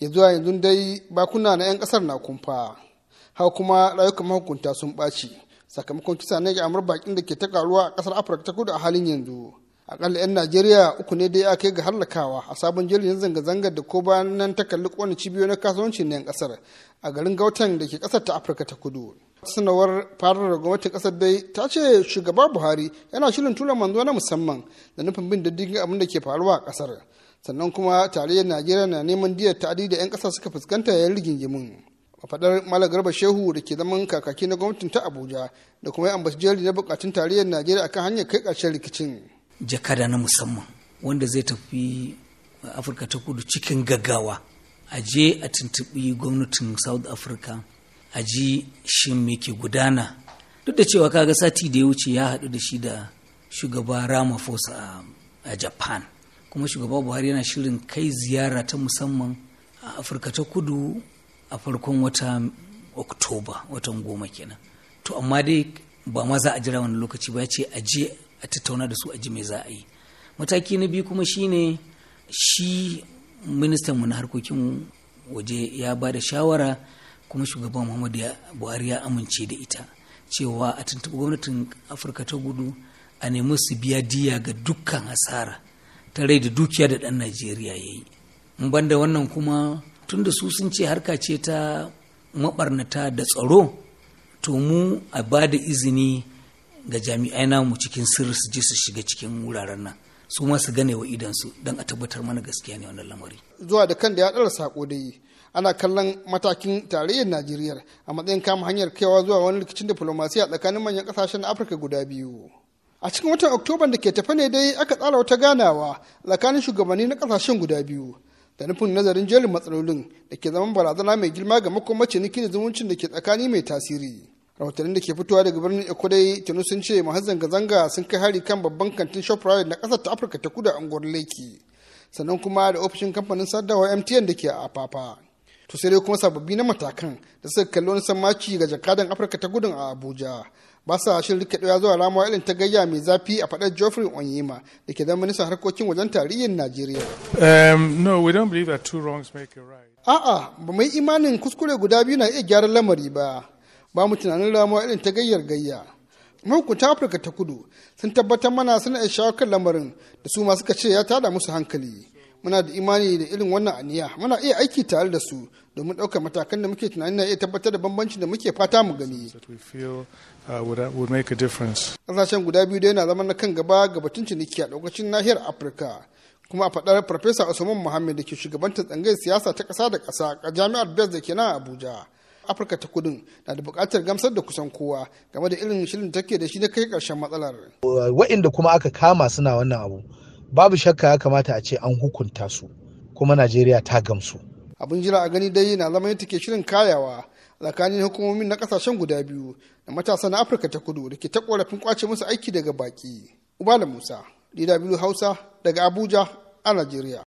ya zuwa yanzu dai bakuna na 'yan kasar na kumfa haka kuma rayukan mahukunta sun ɓaci sakamakon kisa na amur bakin da ke ta karuwa a kasar afirka ta kudu a halin yanzu akalla 'yan najeriya uku ne dai aka yi ga hallakawa a sabon jirgin zanga-zangar da ko bayan nan ta kalli kowane cibiyoyi na kasuwancin na 'yan kasar a garin gautan da ke kasar ta afirka ta kudu sanawar farar gwamnatin kasar dai ta ce shugaba buhari yana shirin tura manzo na musamman da nufin bin diddigin abin da ke faruwa a kasar sannan kuma tarayyar najeriya na neman diyar ta'adi da 'yan kasa suka fuskanta yayin rigingimin faɗar malam garba shehu da ke zaman kakaki na gwamnatin ta abuja da kuma ambasijiyar na bukatun tarayyar najeriya akan hanyar kai ƙarshen rikicin jakada na musamman wanda zai tafi afirka ta kudu cikin gaggawa a je a tuntubi gwamnatin south africa a ji shin gudana duk da cewa kaga sati da ya wuce ya haɗu da shi da shugaba ramaphosa a japan kuma shugaba buhari yana shirin kai ziyara ta musamman a afirka ta kudu a farkon wata oktoba watan goma kenan to amma dai ba ma za a jira wani lokaci ba ya ce a je a tattauna da su a ji me za a yi mataki na biyu kuma shine shi ministan mu na harkokin waje ya ba da shawara kuma shugaban muhammadu buhari ya amince da ita cewa a tuntuɓi gwamnatin afirka ta gudu a nemi su biya diya ga dukkan hasara ta rai da dukiya da ɗan najeriya ya yi in banda wannan kuma tun da su sun ce harka ce ta maɓarnata da tsaro to mu a ba da izini ga jami'ai namu cikin sirri su je su shiga cikin wuraren nan su ma su gane wa idansu don a tabbatar mana gaskiya ne wannan lamari zuwa da kan da ya ɗara sako dai ana kallon matakin tarayyar najeriya a matsayin kama hanyar kaiwa zuwa wani rikicin diflomasiya tsakanin manyan kasashen afirka guda biyu a cikin watan Oktoba da ke tafe ne dai aka tsara wata ganawa tsakanin shugabanni na kasashen guda biyu da nufin nazarin jerin matsalolin da ke zaman barazana mai girma ga makon ciniki da zumuncin da ke tsakani mai tasiri rahotannin da ke fitowa daga birnin ekwadai tunu sun ce masu zanga-zanga sun kai hari kan babban kantin shoprite na kasar ta afirka ta kudu a unguwar leki sannan kuma da ofishin kamfanin sadarwa mtn da ke a apapa. to sai dai kuma sababbi na matakan da suka kalli wani sammaci ga jakadan afirka ta gudun a abuja ba sa shirin rike ɗaya zuwa ramuwa irin ta gayya mai zafi a faɗar geoffrey onyema da ke zama ministan harkokin wajen tarihin najeriya um, a'a ba mai imanin kuskure guda biyu na iya gyaran lamari ba ba mu tunanin ramuwa irin ta gayyar gayya mahukunta afirka ta kudu sun tabbatar mana suna iya shawo kan lamarin da su ma suka ce ya tada musu hankali muna da imani da irin wannan aniya muna iya aiki tare da su domin ɗaukar matakan da muke tunanin na iya tabbatar da bambancin da muke fata mu gani uh, uh, ƙasashen guda biyu da yana zama na kan gaba ga batun ciniki a ɗaukacin nahiyar afirka kuma a faɗar farfesa usman muhammad da ke shugabantar tsangayar siyasa ta kasa da kasa a jami'ar bez da ke nan abuja afirka ta kudin na da buƙatar gamsar da kusan kowa game da irin shirin da take da shi na kai ƙarshen matsalar. wa'inda kuma aka kama suna wannan abu babu shakka ya kamata a ce an hukunta su kuma najeriya ta gamsu abin jira a gani dai na zama yadda ke shirin kayawa tsakanin hukumomin na kasashen guda biyu da matasa na afirka ta kudu da ke ta korafin kwace musu aiki daga baki ubala musa biyu hausa daga abuja a najeriya